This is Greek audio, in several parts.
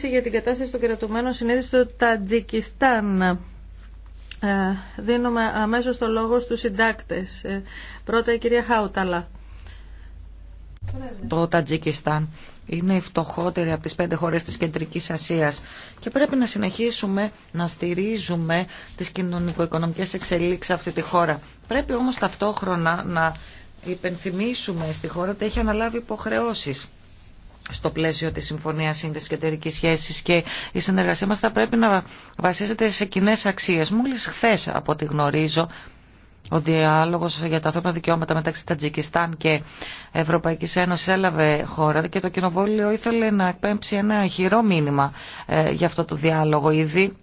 για την κατάσταση των κρατουμένων συνέδρια στο Τατζικιστάν. Ε, δίνουμε αμέσως το λόγο στους συντάκτες. Ε, πρώτα η κυρία Χάουταλα. Το Τατζικιστάν είναι η φτωχότερη από τις πέντε χώρες της Κεντρικής Ασίας και πρέπει να συνεχίσουμε να στηρίζουμε τις κοινωνικο-οικονομικές εξελίξεις αυτή τη χώρα. Πρέπει όμως ταυτόχρονα να υπενθυμίσουμε στη χώρα ότι έχει αναλάβει υποχρεώσεις στο πλαίσιο της Συμφωνίας Σύνδεσης και Εταιρικής Σχέσης και η συνεργασία μας θα πρέπει να βασίζεται σε κοινέ αξίες. Μόλις χθε από ό,τι γνωρίζω, ο διάλογο για τα ανθρώπινα δικαιώματα μεταξύ Τατζικιστάν και Ευρωπαϊκή Ένωση έλαβε χώρα και το Κοινοβούλιο ήθελε να εκπέμψει ένα χειρό μήνυμα ε, για αυτό το διάλογο ήδη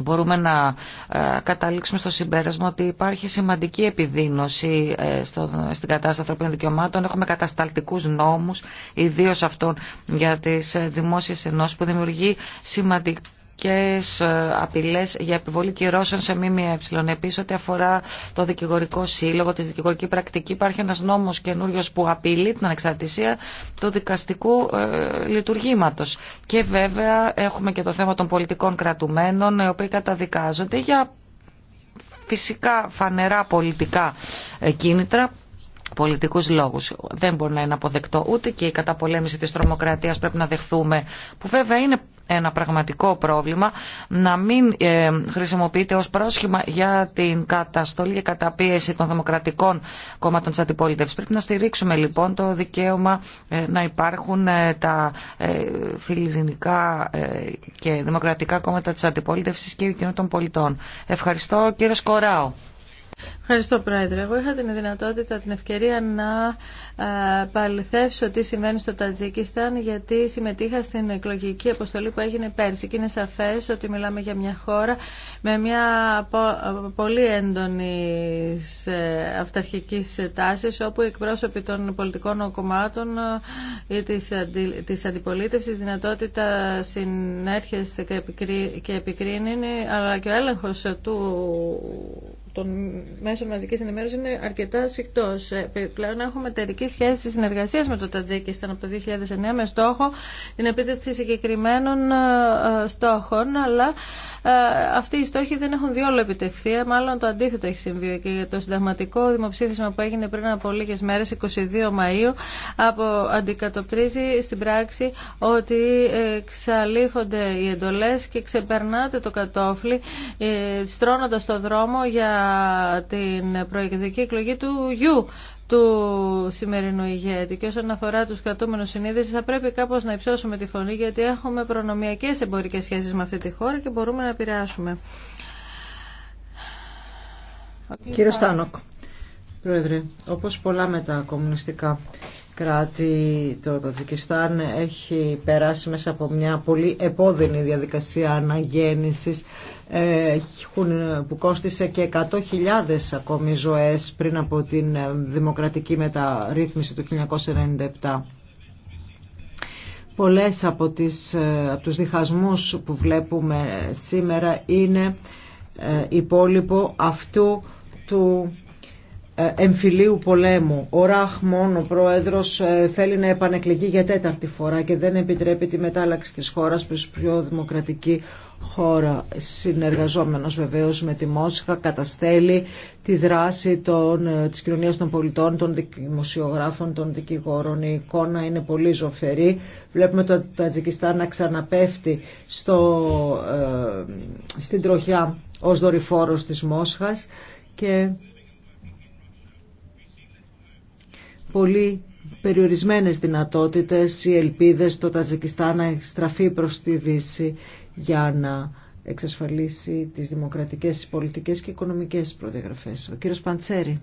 μπορούμε να ε, καταλήξουμε στο συμπέρασμα ότι υπάρχει σημαντική επιδείνωση ε, στην κατάσταση ανθρωπίνων δικαιωμάτων. Έχουμε κατασταλτικούς νόμους, ιδίως αυτόν για τις ε, δημόσιες ενώσεις που δημιουργεί σημαντική και ε, απειλές για επιβολή κυρώσεων σε ΜΜΕ. Επίσης, ό,τι αφορά το δικηγορικό σύλλογο, τη δικηγορική πρακτική, υπάρχει ένας νόμος καινούριο που απειλεί την ανεξαρτησία του δικαστικού ε, λειτουργήματος. Και βέβαια έχουμε και το θέμα των πολιτικών κρατουμένων, οι οποίοι καταδικάζονται για φυσικά φανερά πολιτικά ε, κίνητρα πολιτικού λόγου, Δεν μπορεί να είναι αποδεκτό ούτε και η καταπολέμηση τη τρομοκρατίας πρέπει να δεχθούμε, που βέβαια είναι ένα πραγματικό πρόβλημα, να μην ε, χρησιμοποιείται ως πρόσχημα για την καταστολή και καταπίεση των δημοκρατικών κόμματων της αντιπολίτευσης. Πρέπει να στηρίξουμε λοιπόν το δικαίωμα ε, να υπάρχουν ε, τα φιλιρινικά και δημοκρατικά κόμματα της αντιπολίτευσης και των πολιτών. Ευχαριστώ κύριε Σκοράου. Ευχαριστώ, Πρόεδρε. Εγώ είχα την δυνατότητα, την ευκαιρία να παληθεύσω τι συμβαίνει στο Τατζίκισταν, γιατί συμμετείχα στην εκλογική αποστολή που έγινε πέρσι. Και είναι σαφές ότι μιλάμε για μια χώρα με μια πολύ έντονη αυταρχική τάση, όπου οι εκπρόσωποι των πολιτικών κομμάτων ή της αντιπολίτευσης δυνατότητα συνέρχεστε και επικρίνει, αλλά και ο έλεγχο του των μέσων μαζικής ενημέρωσης είναι αρκετά σφιχτός. Ε, πλέον έχουμε εταιρική σχέση συνεργασίας με το Τατζίκισταν από το 2009 με στόχο την επίτευξη συγκεκριμένων ε, ε, στόχων, αλλά αυτοί οι στόχοι δεν έχουν διόλου επιτευχθεί. Μάλλον το αντίθετο έχει συμβεί και το συνταγματικό δημοψήφισμα που έγινε πριν από λίγες μέρες, 22 Μαΐου, από, αντικατοπτρίζει στην πράξη ότι ξαλήφονται οι εντολές και ξεπερνάτε το κατόφλι, στρώνοντας το δρόμο για την προεκδική εκλογή του γιου του σημερινού ηγέτη. Και όσον αφορά τους κρατούμενου συνείδηση, θα πρέπει κάπως να υψώσουμε τη φωνή, γιατί έχουμε προνομιακές εμπορικές σχέσεις με αυτή τη χώρα και μπορούμε να επηρεάσουμε. Κύριο Στάνοκ, Πρόεδρε, όπως πολλά με τα κομμουνιστικά κράτη, το Τατζικιστάν έχει περάσει μέσα από μια πολύ επώδυνη διαδικασία αναγέννησης που κόστησε και 100.000 ακόμη ζωές πριν από την δημοκρατική μεταρρύθμιση του 1997. Πολλές από, τις, από τους διχασμούς που βλέπουμε σήμερα είναι ε, υπόλοιπο αυτού του ε, εμφυλίου πολέμου. Ο Ράχμον, ο πρόεδρος, ε, θέλει να επανεκλεγεί για τέταρτη φορά και δεν επιτρέπει τη μετάλλαξη της χώρας προς πιο δημοκρατική χώρα. Συνεργαζόμενος βεβαίως με τη Μόσχα, καταστέλει τη δράση των, ε, της κοινωνίας των πολιτών, των δημοσιογράφων, των δικηγόρων. Η εικόνα είναι πολύ ζωφερή. Βλέπουμε το Τατζικιστάν να ξαναπέφτει στο, στην τροχιά ως δορυφόρος της Μόσχας και πολύ περιορισμένες δυνατότητες οι ελπίδες το Ταζικιστάν να στραφεί προς τη Δύση για να εξασφαλίσει τις δημοκρατικές, πολιτικές και οικονομικές προδιαγραφές. Ο κύριος Παντσέρη.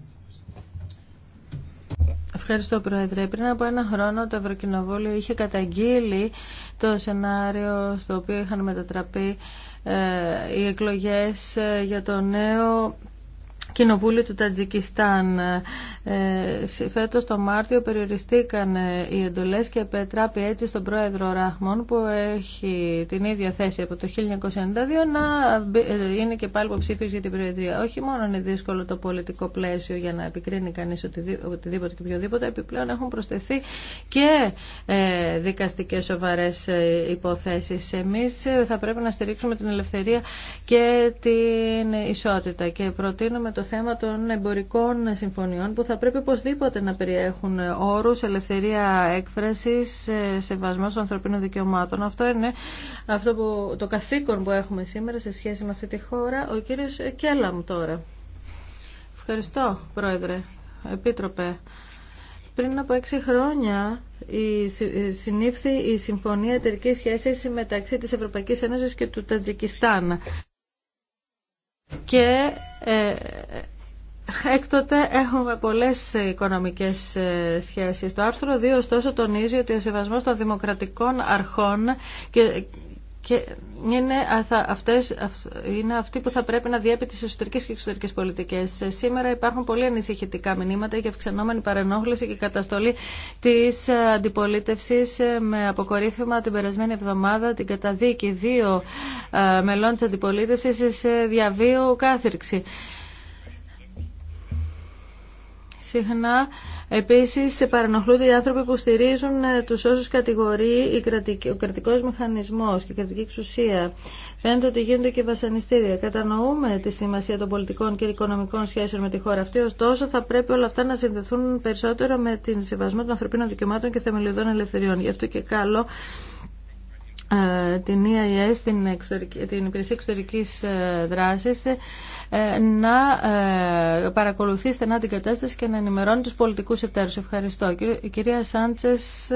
Ευχαριστώ Πρόεδρε. Πριν από ένα χρόνο το Ευρωκοινοβούλιο είχε καταγγείλει το σενάριο στο οποίο είχαν μετατραπεί ε, οι εκλογές ε, για το νέο Κοινοβούλιο του Τατζικιστάν. Ε, Φέτο το Μάρτιο περιοριστήκαν ε, οι εντολέ και επετράπη έτσι στον πρόεδρο Ράχμον που έχει την ίδια θέση από το 1992 να ε, είναι και πάλι υποψήφιο για την Προεδρία. Όχι μόνο είναι δύσκολο το πολιτικό πλαίσιο για να επικρίνει κανεί οτιδήποτε και οποιοδήποτε, επιπλέον έχουν προσθεθεί και ε, δικαστικέ σοβαρέ ε, υποθέσει. Εμεί θα πρέπει να στηρίξουμε την ελευθερία και την ισότητα και προτείνουμε το το θέμα των εμπορικών συμφωνιών που θα πρέπει οπωσδήποτε να περιέχουν όρους, ελευθερία έκφρασης, ε, σεβασμός των ανθρωπίνων δικαιωμάτων. Αυτό είναι αυτό που, το καθήκον που έχουμε σήμερα σε σχέση με αυτή τη χώρα. Ο κύριος Κέλαμ τώρα. Ευχαριστώ, Πρόεδρε. Επίτροπε, πριν από έξι χρόνια η, ε, συνήφθη η Συμφωνία Εταιρικής Σχέσης μεταξύ της Ευρωπαϊκής Ένωσης και του Τατζικιστάν και ε, Έκτοτε έχουμε πολλές οικονομικές ε, σχέσεις. Το άρθρο 2 ωστόσο τονίζει ότι ο σεβασμός των δημοκρατικών αρχών και και είναι, αυτές, είναι αυτή που θα πρέπει να διέπει τι εσωτερικές και εξωτερικές πολιτικές. Ε, σήμερα υπάρχουν πολύ ανησυχητικά μηνύματα για αυξανόμενη παρενόχληση και καταστολή της ε, αντιπολίτευσης ε, με αποκορύφημα την περασμένη εβδομάδα την καταδίκη δύο μελών τη αντιπολίτευση σε διαβίου κάθυρξη. Συχνά Επίση, παρανοχλούνται οι άνθρωποι που στηρίζουν ε, του όσου κατηγορεί ο κρατικό μηχανισμό και η κρατική εξουσία. Φαίνεται ότι γίνονται και βασανιστήρια. Κατανοούμε τη σημασία των πολιτικών και οικονομικών σχέσεων με τη χώρα αυτή, ωστόσο θα πρέπει όλα αυτά να συνδεθούν περισσότερο με την σεβασμό των ανθρωπίνων δικαιωμάτων και θεμελιωδών ελευθεριών. Γι' αυτό και καλό ε, την EIS, την, εξωτερική, την Υπηρεσία Εξωτερικής ε, Δράσης, ε, να παρακολουθεί στενά την κατάσταση και να ενημερώνει τους πολιτικούς εταίρους. Ευχαριστώ. Η κυρία Σάντσες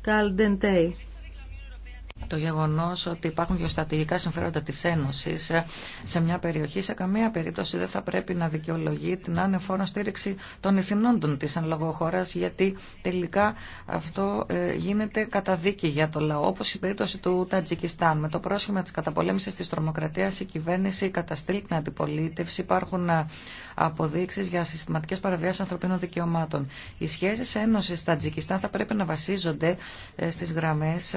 Καλντεντέη το γεγονός ότι υπάρχουν γεωστατηγικά συμφέροντα της Ένωσης σε μια περιοχή, σε καμία περίπτωση δεν θα πρέπει να δικαιολογεί την ανεφόρον στήριξη των ηθινόντων της εν λόγω χώρας, γιατί τελικά αυτό ε, γίνεται κατά δίκη για το λαό, όπως στην περίπτωση του Τατζικιστάν. Με το πρόσχημα της καταπολέμησης της τρομοκρατίας η κυβέρνηση καταστήλει την αντιπολίτευση, υπάρχουν ε, αποδείξεις για συστηματικές παραβιάσεις ανθρωπίνων δικαιωμάτων. Οι σχέσεις Ένωσης Τατζικιστάν θα πρέπει να βασίζονται ε, στις γραμμές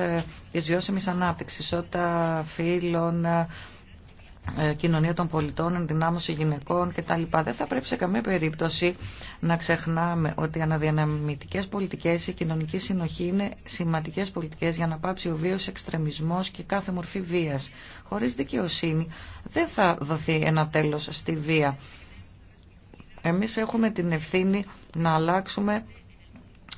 βιώσιμης ανάπτυξης, ισότητα φύλων, ε, κοινωνία των πολιτών, ενδυνάμωση γυναικών κτλ. Δεν θα πρέπει σε καμία περίπτωση να ξεχνάμε ότι οι αναδιαναμητικές πολιτικές, η κοινωνική συνοχή είναι σημαντικές πολιτικές για να πάψει ο βίος εξτρεμισμός και κάθε μορφή βίας. Χωρίς δικαιοσύνη δεν θα δοθεί ένα τέλος στη βία. Εμείς έχουμε την ευθύνη να αλλάξουμε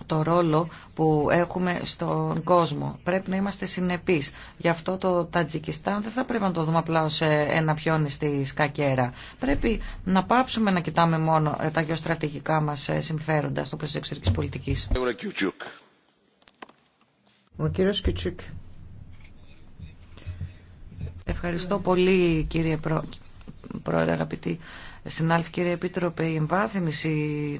το ρόλο που έχουμε στον κόσμο. Πρέπει να είμαστε συνεπείς. Γι' αυτό το Τατζικιστάν δεν θα πρέπει να το δούμε απλά σε ένα πιόνι στη σκακέρα. Πρέπει να πάψουμε να κοιτάμε μόνο ε, τα γεωστρατηγικά μας ε, συμφέροντα στο πλαίσιο εξωτερικής πολιτικής. Ο Ευχαριστώ πολύ κύριε Πρόεδρε, αγαπητή. Συνάλφη, κύριε Επίτροπε, η εμβάθυνση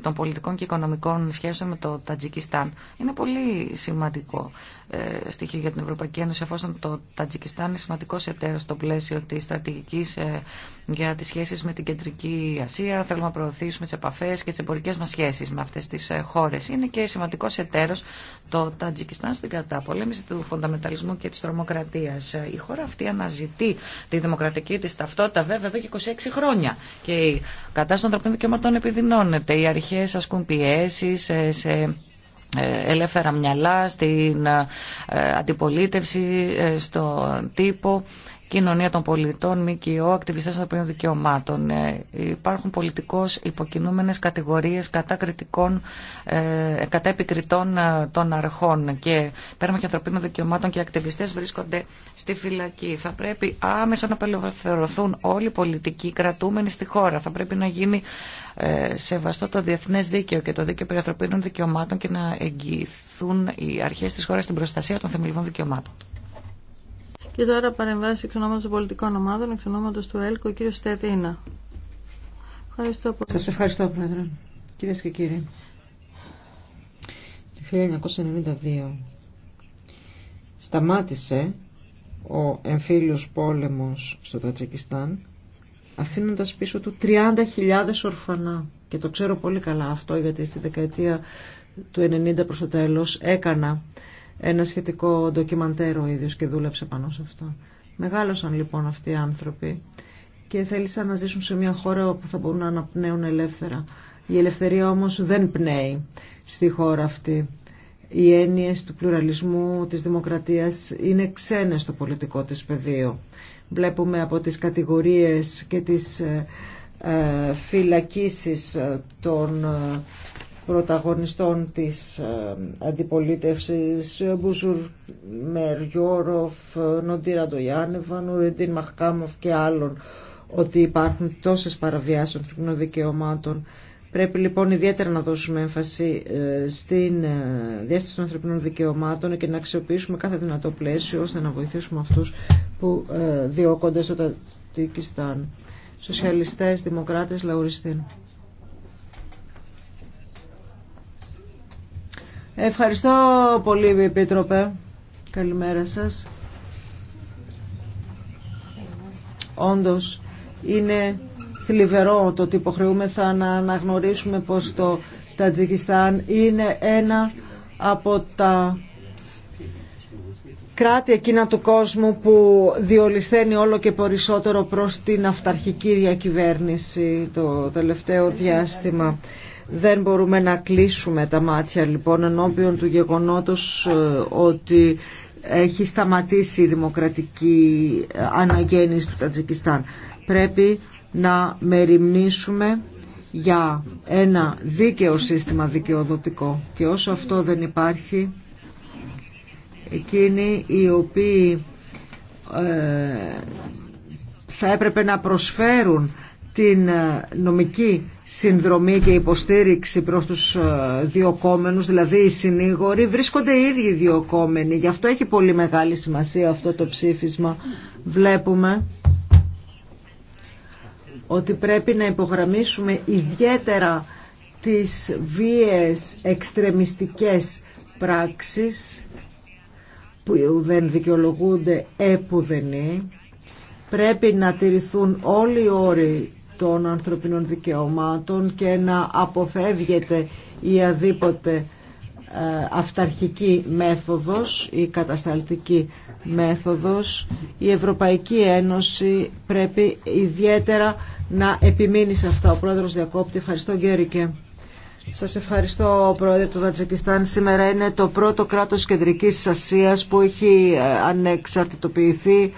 των πολιτικών και οικονομικών σχέσεων με το Τατζικιστάν είναι πολύ σημαντικό ε, στοιχείο για την Ευρωπαϊκή Ένωση, εφόσον το Τατζικιστάν είναι σημαντικό εταίρο στο πλαίσιο τη στρατηγική ε, για τι σχέσει με την Κεντρική Ασία. Θέλουμε να προωθήσουμε τι επαφέ και τι εμπορικέ μα σχέσει με αυτέ τι ε, χώρε. Είναι και σημαντικό εταίρο το Τατζικιστάν στην καταπολέμηση του φονταμεταλισμού και τη τρομοκρατία. Ε, η χώρα αυτή αναζητεί τη δημοκρατική τη ταυτότητα, βέβαια, 26 χρόνια. Και η κατάσταση των ανθρωπίνων δικαιωμάτων επιδεινώνεται. Οι αρχές ασκούν πιέσει σε ε, ελεύθερα μυαλά, στην ε, αντιπολίτευση, ε, στον τύπο κοινωνία των πολιτών, ΜΚΟ, ακτιβιστέ ανθρωπίνων δικαιωμάτων. Ε, υπάρχουν πολιτικώ υποκινούμενες κατηγορίε, κατά, ε, κατά επικριτών ε, των αρχών και πέραμα και ανθρωπίνων δικαιωμάτων και οι ακτιβιστές βρίσκονται στη φυλακή. Θα πρέπει άμεσα να απελευθερωθούν όλοι οι πολιτικοί κρατούμενοι στη χώρα. Θα πρέπει να γίνει σεβαστό το διεθνέ δίκαιο και το δίκαιο περί ανθρωπίνων δικαιωμάτων και να εγγυηθούν οι αρχέ τη χώρα στην προστασία των θεμελιωδών δικαιωμάτων. Και τώρα παρεμβάσει εξ ονόματο των πολιτικών ομάδων, εξ ονόματο του ΕΛΚΟ, ο κύριο Στετίνα. Ευχαριστώ πολύ. Σα ευχαριστώ, Πρόεδρε. Κυρίε και κύριοι. Το 1992 σταμάτησε ο εμφύλιος πόλεμος στο Τατσικιστάν αφήνοντας πίσω του 30.000 ορφανά. Και το ξέρω πολύ καλά αυτό γιατί στη δεκαετία του 90 προς το τέλος έκανα ένα σχετικό ντοκιμαντέρ ο ίδιος και δούλεψε πάνω σε αυτό. Μεγάλωσαν λοιπόν αυτοί οι άνθρωποι και θέλησαν να ζήσουν σε μια χώρα όπου θα μπορούν να αναπνέουν ελεύθερα. Η ελευθερία όμως δεν πνέει στη χώρα αυτή. Οι έννοιες του πλουραλισμού, της δημοκρατίας είναι ξένες στο πολιτικό της πεδίο. Βλέπουμε από τις κατηγορίες και τις ε, ε, φυλακίσεις ε, των πρωταγωνιστών της ε, αντιπολίτευσης Μπουζουρ Μεριόροφ, Νοντήρα Ντοιάνεβα, Νουρεντίν Μαχκάμοφ και άλλων ότι υπάρχουν τόσες παραβιάσεις των ανθρωπινών δικαιωμάτων Πρέπει λοιπόν ιδιαίτερα να δώσουμε έμφαση ε, στην ε, διάσταση των ανθρωπινών δικαιωμάτων και να αξιοποιήσουμε κάθε δυνατό πλαίσιο ώστε να βοηθήσουμε αυτούς που διώκονται στο Τατικιστάν. Σοσιαλιστές, Δημοκράτες, Λαουριστίν. Ευχαριστώ πολύ, Επίτροπε. Καλημέρα σας. Όντως, είναι θλιβερό το ότι υποχρεούμεθα να αναγνωρίσουμε πως το Τατζικιστάν είναι ένα από τα κράτη εκείνα του κόσμου που διολυσθένει όλο και περισσότερο προς την αυταρχική διακυβέρνηση το τελευταίο διάστημα. Δεν μπορούμε να κλείσουμε τα μάτια λοιπόν ενώπιον του γεγονότος ε, ότι έχει σταματήσει η δημοκρατική ε, αναγέννηση του Τατζικιστάν. Πρέπει να μεριμνήσουμε για ένα δίκαιο σύστημα δικαιοδοτικό και όσο αυτό δεν υπάρχει εκείνοι οι οποίοι ε, θα έπρεπε να προσφέρουν την ε, νομική συνδρομή και υποστήριξη προς τους ε, διοκόμενους, δηλαδή οι συνήγοροι, βρίσκονται οι ίδιοι διοκόμενοι. Γι' αυτό έχει πολύ μεγάλη σημασία αυτό το ψήφισμα. Βλέπουμε ότι πρέπει να υπογραμμίσουμε ιδιαίτερα τις βίες εξτρεμιστικές πράξεις που δεν δικαιολογούνται επουδενή πρέπει να τηρηθούν όλοι οι όροι των ανθρωπίνων δικαιωμάτων και να αποφεύγεται η αδίποτε ε, αυταρχική μέθοδος, η κατασταλτική μέθοδος. Η Ευρωπαϊκή Ένωση πρέπει ιδιαίτερα να επιμείνει σε αυτά. Ο Πρόεδρος Διακόπτη, ευχαριστώ Γκέρικε. Σας ευχαριστώ Πρόεδρε του Τατζικιστάν. Σήμερα είναι το πρώτο κράτος κεντρικής Ασίας που έχει ε, ανεξαρτητοποιηθεί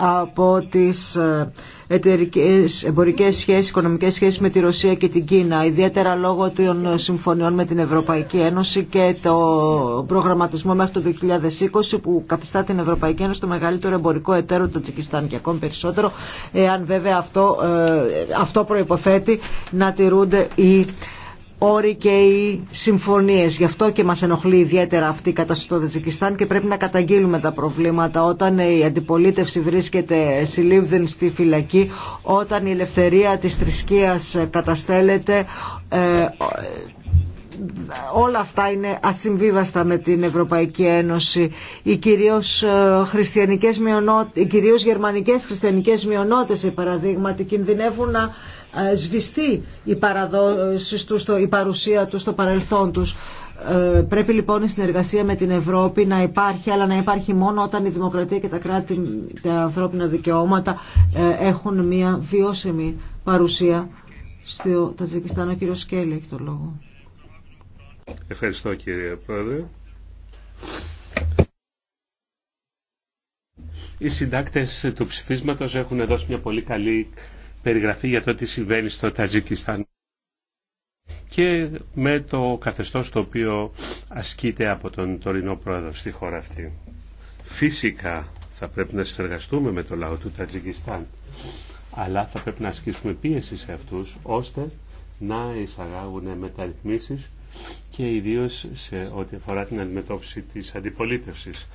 από τις ε, εταιρικές, εμπορικές σχέσεις, οικονομικές σχέσεις με τη Ρωσία και την Κίνα, ιδιαίτερα λόγω των συμφωνιών με την Ευρωπαϊκή Ένωση και το προγραμματισμό μέχρι το 2020 που καθιστά την Ευρωπαϊκή Ένωση το μεγαλύτερο εμπορικό εταίρο του Τζικιστάν και ακόμη περισσότερο, εάν βέβαια αυτό, ε, αυτό προϋποθέτει να τηρούνται οι όροι και οι συμφωνίες. Γι' αυτό και μας ενοχλεί ιδιαίτερα αυτή η κατάσταση στο και πρέπει να καταγγείλουμε τα προβλήματα όταν η αντιπολίτευση βρίσκεται συλλήβδεν στη φυλακή, όταν η ελευθερία της θρησκείας καταστέλλεται, ε, όλα αυτά είναι ασυμβίβαστα με την Ευρωπαϊκή Ένωση. Οι κυρίως, ε, χριστιανικές μειονότητες, οι κυρίως γερμανικές χριστιανικές μειονότητες, σε παραδείγματι, κινδυνεύουν να ε, σβηστεί η, τους, η παρουσία τους στο παρελθόν τους. Ε, πρέπει λοιπόν η συνεργασία με την Ευρώπη να υπάρχει, αλλά να υπάρχει μόνο όταν η δημοκρατία και τα κράτη, τα ανθρώπινα δικαιώματα έχουν μια βιώσιμη παρουσία. Στο Τατζικιστάν ο κύριος Σκέλη έχει το λόγο. Ευχαριστώ κύριε Πρόεδρε. Οι συντάκτες του ψηφίσματος έχουν δώσει μια πολύ καλή περιγραφή για το τι συμβαίνει στο Τατζικιστάν και με το καθεστώς το οποίο ασκείται από τον τωρινό πρόεδρο στη χώρα αυτή. Φυσικά θα πρέπει να συνεργαστούμε με το λαό του Τατζικιστάν αλλά θα πρέπει να ασκήσουμε πίεση σε αυτούς ώστε να εισαγάγουν μεταρρυθμίσεις και ιδίως σε ό,τι αφορά την αντιμετώπιση της αντιπολίτευσης.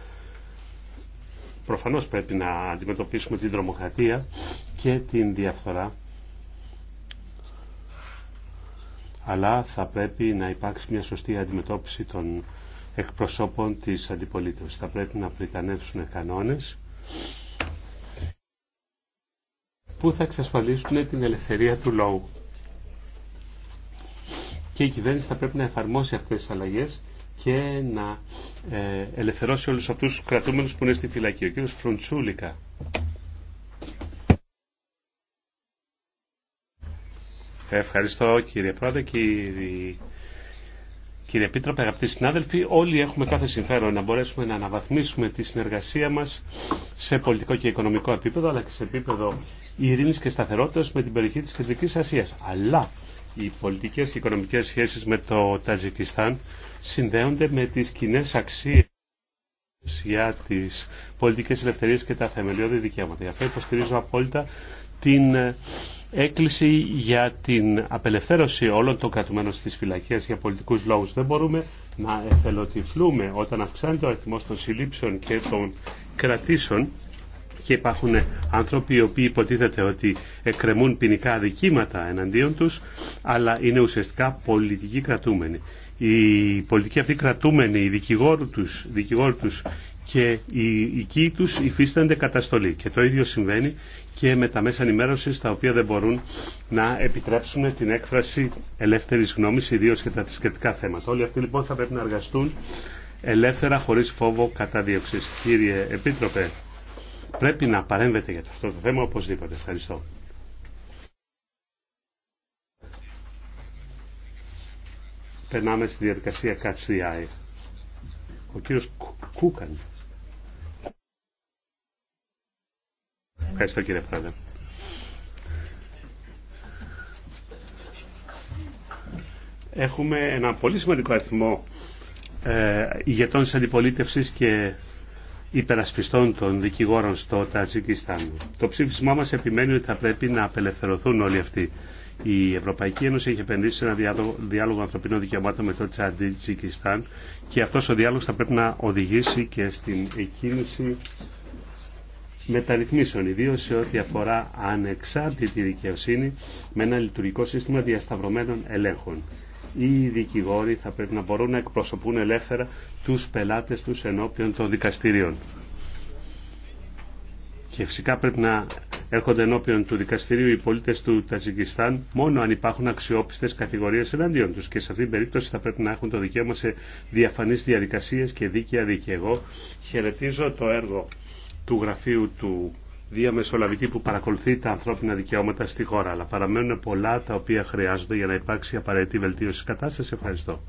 Προφανώς πρέπει να αντιμετωπίσουμε την τρομοκρατία και την διαφθορά αλλά θα πρέπει να υπάρξει μια σωστή αντιμετώπιση των εκπροσώπων της αντιπολίτευσης. Θα πρέπει να πριτανεύσουν κανόνες που θα εξασφαλίσουν την ελευθερία του λόγου και η κυβέρνηση θα πρέπει να εφαρμόσει αυτές τις αλλαγές και να ε, ελευθερώσει όλους αυτούς τους κρατούμενους που είναι στη φυλακή. Ο κύριος Φρουντσούλικα. Ευχαριστώ κύριε Πρόεδρε, κύριε, κύριε Πίτροπε, αγαπητοί συνάδελφοι. Όλοι έχουμε κάθε συμφέρον να μπορέσουμε να αναβαθμίσουμε τη συνεργασία μας σε πολιτικό και οικονομικό επίπεδο, αλλά και σε επίπεδο ειρήνης και σταθερότητας με την περιοχή της Κεντρικής Ασίας. Αλλά οι πολιτικές και οικονομικές σχέσεις με το Ταζικιστάν συνδέονται με τις κοινέ αξίες για τις πολιτικές ελευθερίες και τα θεμελιώδη δικαιώματα. Γι' αυτό υποστηρίζω απόλυτα την ε, έκκληση για την απελευθέρωση όλων των κρατουμένων στις φυλακές για πολιτικούς λόγους. Δεν μπορούμε να εθελοτυφλούμε όταν αυξάνεται ο αριθμό των συλλήψεων και των κρατήσεων και υπάρχουν άνθρωποι οι οποίοι υποτίθεται ότι εκκρεμούν ποινικά αδικήματα εναντίον τους, αλλά είναι ουσιαστικά πολιτικοί κρατούμενοι. Οι πολιτικοί αυτοί κρατούμενοι, οι δικηγόροι τους, δικηγόροι τους και οι οικοί τους υφίστανται καταστολή. Και το ίδιο συμβαίνει και με τα μέσα ενημέρωση τα οποία δεν μπορούν να επιτρέψουν την έκφραση ελεύθερης γνώμης, ιδίως για τα σχετικά θέματα. Όλοι αυτοί λοιπόν θα πρέπει να εργαστούν ελεύθερα χωρί φόβο κατά δίωξης. Κύριε Επίτροπε, πρέπει να παρέμβετε για αυτό το θέμα οπωσδήποτε. Ευχαριστώ. Περνάμε στη διαδικασία Catch Ο κύριος Κούκαν. Ευχαριστώ κύριε Πρόεδρε. Έχουμε ένα πολύ σημαντικό αριθμό ε, ηγετών της αντιπολίτευσης και υπερασπιστών των δικηγόρων στο Τατζικιστάν. Το ψήφισμά μας επιμένει ότι θα πρέπει να απελευθερωθούν όλοι αυτοί. Η Ευρωπαϊκή Ένωση έχει επενδύσει σε ένα διάλογο, διάλογο ανθρωπίνων δικαιωμάτων με το Τατζικιστάν και αυτός ο διάλογος θα πρέπει να οδηγήσει και στην εκκίνηση μεταρρυθμίσεων, ιδίω σε ό,τι αφορά ανεξάρτητη δικαιοσύνη με ένα λειτουργικό σύστημα διασταυρωμένων ελέγχων οι δικηγόροι θα πρέπει να μπορούν να εκπροσωπούν ελεύθερα τους πελάτες τους ενώπιον των δικαστηρίων. Και φυσικά πρέπει να έρχονται ενώπιον του δικαστηρίου οι πολίτες του Ταζικιστάν μόνο αν υπάρχουν αξιόπιστες κατηγορίες εναντίον τους και σε αυτήν την περίπτωση θα πρέπει να έχουν το δικαίωμα σε διαφανείς διαδικασίες και δίκαια δίκαια. Εγώ χαιρετίζω το έργο του γραφείου του διαμεσολαβητή που παρακολουθεί τα ανθρώπινα δικαιώματα στη χώρα. Αλλά παραμένουν πολλά τα οποία χρειάζονται για να υπάρξει απαραίτητη βελτίωση τη κατάσταση. Ευχαριστώ.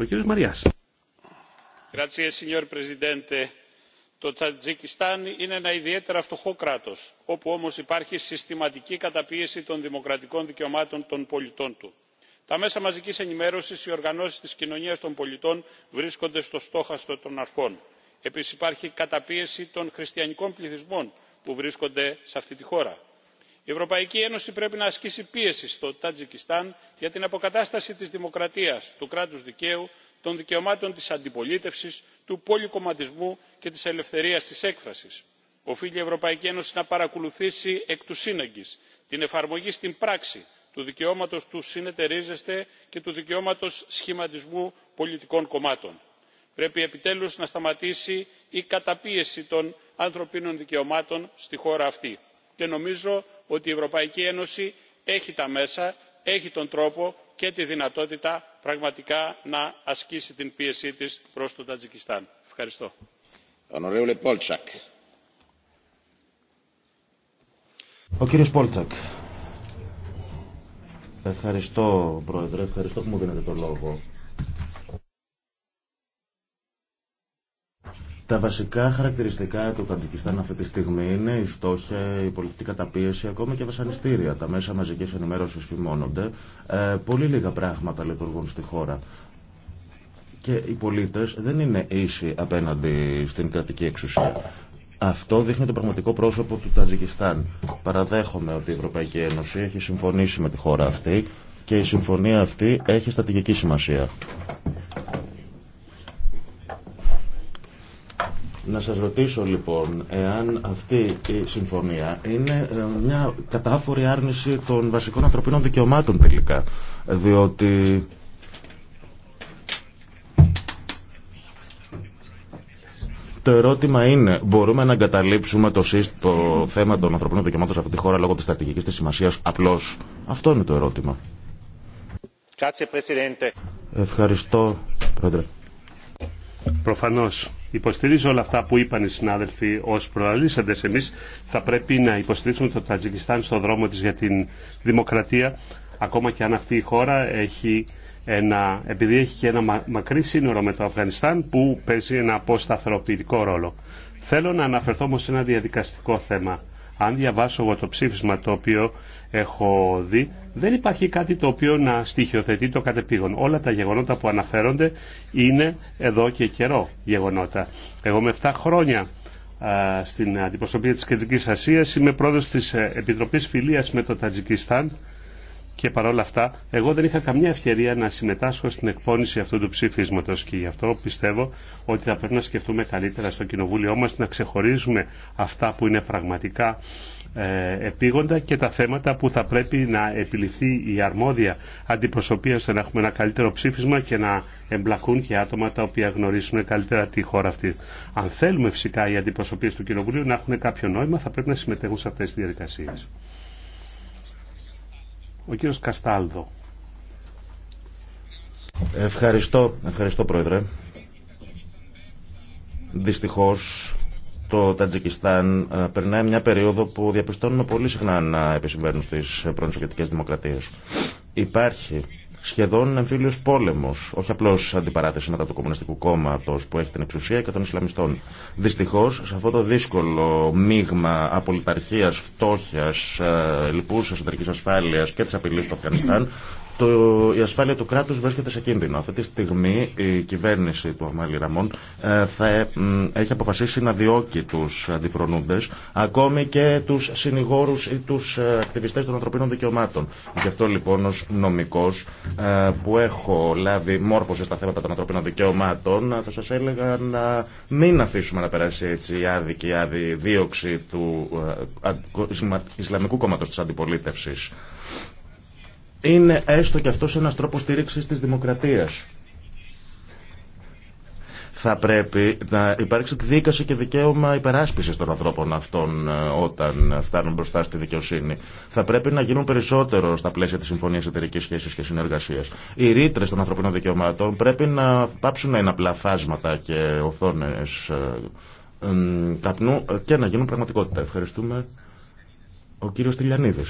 Ο κ. Presidente. Το Τατζικιστάν είναι ένα ιδιαίτερα φτωχό κράτο, όπου όμω υπάρχει συστηματική καταπίεση των δημοκρατικών δικαιωμάτων των πολιτών του. Τα μέσα μαζική ενημέρωση, οι οργανώσει τη κοινωνία των πολιτών βρίσκονται στο στόχαστο των αρχών επίσης υπάρχει καταπίεση των χριστιανικών πληθυσμών που βρίσκονται σε αυτή τη χώρα. η ευρωπαϊκή ένωση πρέπει να ασκήσει πίεση στο τατζικιστάν για την αποκατάσταση της δημοκρατίας του κράτους δικαίου των δικαιωμάτων της αντιπολίτευσης του πολυκομματισμού και της ελευθερίας της έκφρασης. οφείλει η ευρωπαϊκή ένωση να παρακολουθήσει εκ του σύνεγγυς την εφαρμογή στην πράξη του δικαιώματος του συνεταιρίζεσθε και του δικαιώματος σχηματισμού πολιτικών κομμάτων πρέπει επιτέλους να σταματήσει η καταπίεση των ανθρωπίνων δικαιωμάτων στη χώρα αυτή και νομίζω ότι η ευρωπαϊκή ένωση έχει τα μέσα έχει τον τρόπο και τη δυνατότητα πραγματικά να ασκήσει την πίεσή της προς το τατζικιστάν. ευχαριστώ. Ο κύριος Πόλτσακ. Ευχαριστώ, Πρόεδρε. Ευχαριστώ που λόγο. Τα βασικά χαρακτηριστικά του Τατζικιστάν αυτή τη στιγμή είναι η φτώχεια, η πολιτική καταπίεση, ακόμα και βασανιστήρια. Τα μέσα μαζικής ενημέρωση φημώνονται. Ε, πολύ λίγα πράγματα λειτουργούν στη χώρα. Και οι πολίτε δεν είναι ίσοι απέναντι στην κρατική εξουσία. Αυτό δείχνει το πραγματικό πρόσωπο του Τατζικιστάν. Παραδέχομαι ότι η Ευρωπαϊκή Ένωση έχει συμφωνήσει με τη χώρα αυτή και η συμφωνία αυτή έχει στατηγική σημασία. Να σας ρωτήσω λοιπόν εάν αυτή η συμφωνία είναι ε, μια κατάφορη άρνηση των βασικών ανθρωπίνων δικαιωμάτων τελικά. Διότι Το ερώτημα είναι, μπορούμε να εγκαταλείψουμε το, το θέμα των ανθρωπίνων δικαιωμάτων σε αυτή τη χώρα λόγω της στρατηγική της σημασίας απλώς. Αυτό είναι το ερώτημα. Ευχαριστώ, Πρόεδρε. Προφανώς Υποστηρίζω όλα αυτά που είπαν οι συνάδελφοι ω προαλήσαντε. Εμεί θα πρέπει να υποστηρίξουμε το Τατζικιστάν στον δρόμο τη για την δημοκρατία, ακόμα και αν αυτή η χώρα έχει ένα, επειδή έχει και ένα μακρύ σύνορο με το Αφγανιστάν που παίζει ένα αποσταθεροποιητικό ρόλο. Θέλω να αναφερθώ όμω σε ένα διαδικαστικό θέμα. Αν διαβάσω εγώ το ψήφισμα το οποίο έχω δει, δεν υπάρχει κάτι το οποίο να στοιχειοθετεί το κατεπήγον. Όλα τα γεγονότα που αναφέρονται είναι εδώ και καιρό γεγονότα. Εγώ με 7 χρόνια στην αντιπροσωπεία της Κεντρικής Ασίας είμαι πρόεδρος της Επιτροπής Φιλίας με το Τατζικιστάν και παρόλα αυτά εγώ δεν είχα καμία ευκαιρία να συμμετάσχω στην εκπόνηση αυτού του ψηφίσματο και γι' αυτό πιστεύω ότι θα πρέπει να σκεφτούμε καλύτερα στο Κοινοβούλιο μα να ξεχωρίζουμε αυτά που είναι πραγματικά ε, επίγοντα και τα θέματα που θα πρέπει να επιληθεί η αρμόδια αντιπροσωπεία ώστε να έχουμε ένα καλύτερο ψήφισμα και να εμπλακούν και άτομα τα οποία γνωρίζουν καλύτερα τη χώρα αυτή. Αν θέλουμε φυσικά οι αντιπροσωπείε του Κοινοβουλίου να έχουν κάποιο νόημα θα πρέπει να συμμετέχουν σε αυτέ τι διαδικασίε. Ο κύριος Καστάλδο. Ευχαριστώ, ευχαριστώ πρόεδρε. Δυστυχώς το Τατζικιστάν ε, περνάει μια περίοδο που διαπιστώνουμε πολύ συχνά να επισυμβαίνουν στις πρώην Δημοκρατίες. Υπάρχει σχεδόν εμφύλιο πόλεμο. Όχι απλώ αντιπαράθεση μετά του Κομμουνιστικού Κόμματο που έχει την εξουσία και των Ισλαμιστών. Δυστυχώ, σε αυτό το δύσκολο μείγμα απολυταρχία, φτώχεια, ε, λοιπού εσωτερική ασφάλεια και τη απειλή του Αφγανιστάν, το, η ασφάλεια του κράτους βρίσκεται σε κίνδυνο. Αυτή τη στιγμή η κυβέρνηση του Αμάλη Ραμών ε, θα ε, έχει αποφασίσει να διώκει τους αντιφρονούντες, ακόμη και τους συνηγόρους ή τους ε, ακτιβιστές των ανθρωπίνων δικαιωμάτων. Γι' αυτό λοιπόν ως νομικός που έχω λάβει μόρφωση στα θέματα των ανθρωπίνων δικαιωμάτων θα σας έλεγα να μην αφήσουμε να περάσει έτσι η άδικη η δίωξη του Ισλαμικού κόμματος της αντιπολίτευσης είναι έστω και αυτός ένας τρόπος στήριξης της δημοκρατίας. Θα πρέπει να υπάρξει δίκαση και δικαίωμα υπεράσπισης των ανθρώπων αυτών ε, όταν φτάνουν μπροστά στη δικαιοσύνη. Θα πρέπει να γίνουν περισσότερο στα πλαίσια της Συμφωνίας Εταιρικής Σχέσης και Συνεργασία. Οι ρήτρες των ανθρωπίνων δικαιωμάτων πρέπει να πάψουν να είναι απλά φάσματα και οθόνες ε, ε, καπνού και να γίνουν πραγματικότητα. Ευχαριστούμε. Ο κύριος Τηλιανίδη.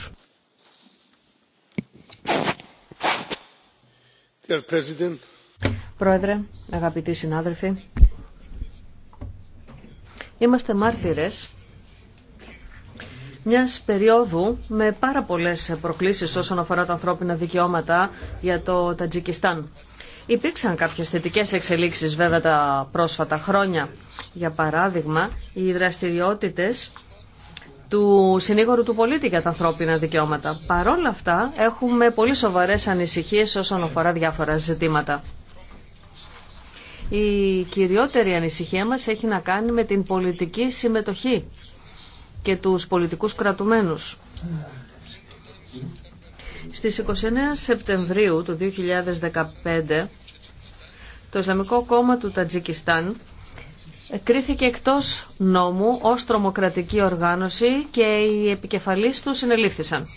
Πρόεδρε, αγαπητοί συνάδελφοι, είμαστε μάρτυρες μιας περίοδου με πάρα πολλές προκλήσεις όσον αφορά τα ανθρώπινα δικαιώματα για το Τατζικιστάν. Υπήρξαν κάποιες θετικές εξελίξεις βέβαια τα πρόσφατα χρόνια. Για παράδειγμα, οι δραστηριότητες του συνήγορου του πολίτη για τα ανθρώπινα δικαιώματα. Παρόλα αυτά έχουμε πολύ σοβαρές ανησυχίες όσον αφορά διάφορα ζητήματα. Η κυριότερη ανησυχία μας έχει να κάνει με την πολιτική συμμετοχή και τους πολιτικούς κρατουμένους. Στις 29 Σεπτεμβρίου του 2015 το Ισλαμικό Κόμμα του Τατζικιστάν κρίθηκε εκτός νόμου ως τρομοκρατική οργάνωση και οι επικεφαλής του συνελήφθησαν.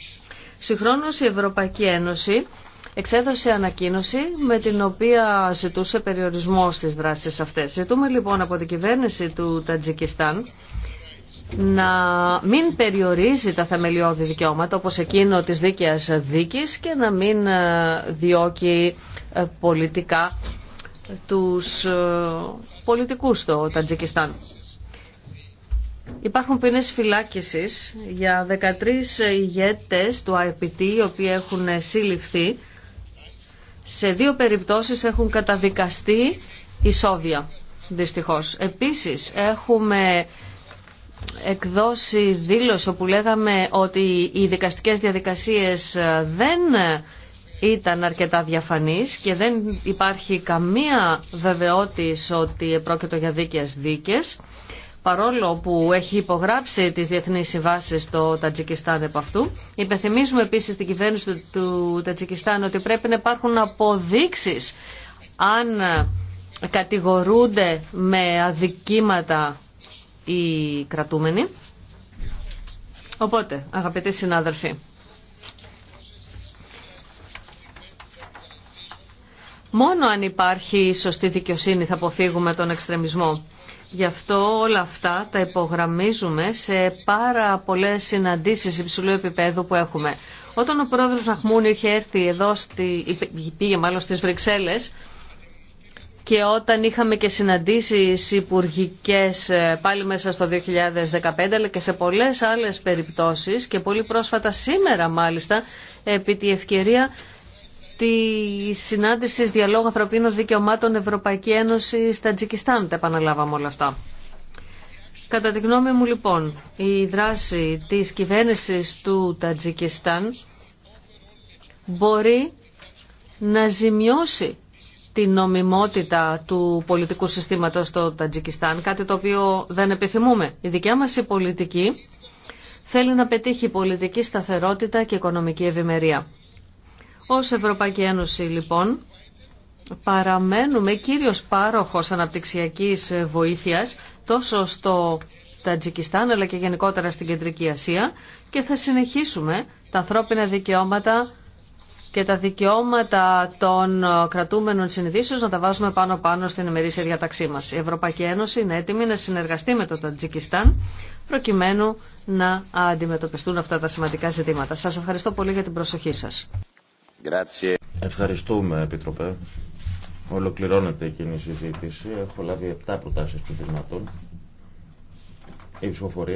Συγχρόνως η Ευρωπαϊκή Ένωση εξέδωσε ανακοίνωση με την οποία ζητούσε περιορισμό στις δράσεις αυτές. Ζητούμε λοιπόν από την κυβέρνηση του Τατζικιστάν να μην περιορίζει τα θεμελιώδη δικαιώματα όπως εκείνο της δίκαιας δίκης και να μην ε, διώκει ε, πολιτικά τους ε, πολιτικούς στο Τατζικιστάν. Υπάρχουν ποινές φυλάκισης για 13 ηγέτες του IPT, οι οποίοι έχουν σύλληφθει. Σε δύο περιπτώσεις έχουν καταδικαστεί ισόβια, δυστυχώς. Επίσης, έχουμε εκδώσει δήλωση όπου λέγαμε ότι οι δικαστικές διαδικασίες δεν ήταν αρκετά διαφανής και δεν υπάρχει καμία βεβαιότης ότι πρόκειται για δίκαιες δίκες παρόλο που έχει υπογράψει τις διεθνείς συμβάσεις στο Τατζικιστάν επ' αυτού. Υπενθυμίζουμε επίσης στην κυβέρνηση του Τατζικιστάν ότι πρέπει να υπάρχουν αποδείξεις αν κατηγορούνται με αδικήματα οι κρατούμενοι. Οπότε, αγαπητοί συνάδελφοι, Μόνο αν υπάρχει σωστή δικαιοσύνη θα αποφύγουμε τον εξτρεμισμό. Γι' αυτό όλα αυτά τα υπογραμμίζουμε σε πάρα πολλέ συναντήσεις υψηλού επίπεδου που έχουμε. Όταν ο πρόεδρος Ναχμούν είχε έρθει εδώ, στη, πήγε μάλλον στις Βρυξέλλες, και όταν είχαμε και συναντήσεις υπουργικέ ε, πάλι μέσα στο 2015 αλλά και σε πολλές άλλες περιπτώσεις και πολύ πρόσφατα σήμερα μάλιστα επί τη ευκαιρία τη συνάντηση διαλόγου ανθρωπίνων δικαιωμάτων Ευρωπαϊκή Ένωση στα Τζικιστάν. Τα επαναλάβαμε όλα αυτά. Κατά τη γνώμη μου λοιπόν, η δράση της κυβέρνησης του Τατζικιστάν μπορεί να ζημιώσει την νομιμότητα του πολιτικού συστήματος στο Τατζικιστάν, κάτι το οποίο δεν επιθυμούμε. Η δικιά μας η πολιτική θέλει να πετύχει πολιτική σταθερότητα και οικονομική ευημερία. Ως Ευρωπαϊκή Ένωση λοιπόν παραμένουμε κύριος πάροχος αναπτυξιακής βοήθειας τόσο στο Τατζικιστάν αλλά και γενικότερα στην Κεντρική Ασία και θα συνεχίσουμε τα ανθρώπινα δικαιώματα και τα δικαιώματα των κρατούμενων συνειδήσεως να τα βάζουμε πάνω-πάνω στην ημερήσια διαταξή μας. Η Ευρωπαϊκή Ένωση είναι έτοιμη να συνεργαστεί με το Τατζικιστάν προκειμένου να αντιμετωπιστούν αυτά τα σημαντικά ζητήματα. Σας ευχαριστώ πολύ για την προσοχή σας. Ευχαριστούμε, Επίτροπε. Ολοκληρώνεται εκείνη η συζήτηση. Έχω λάβει 7 προτάσεις ψηφισμάτων. Η ψηφοφορία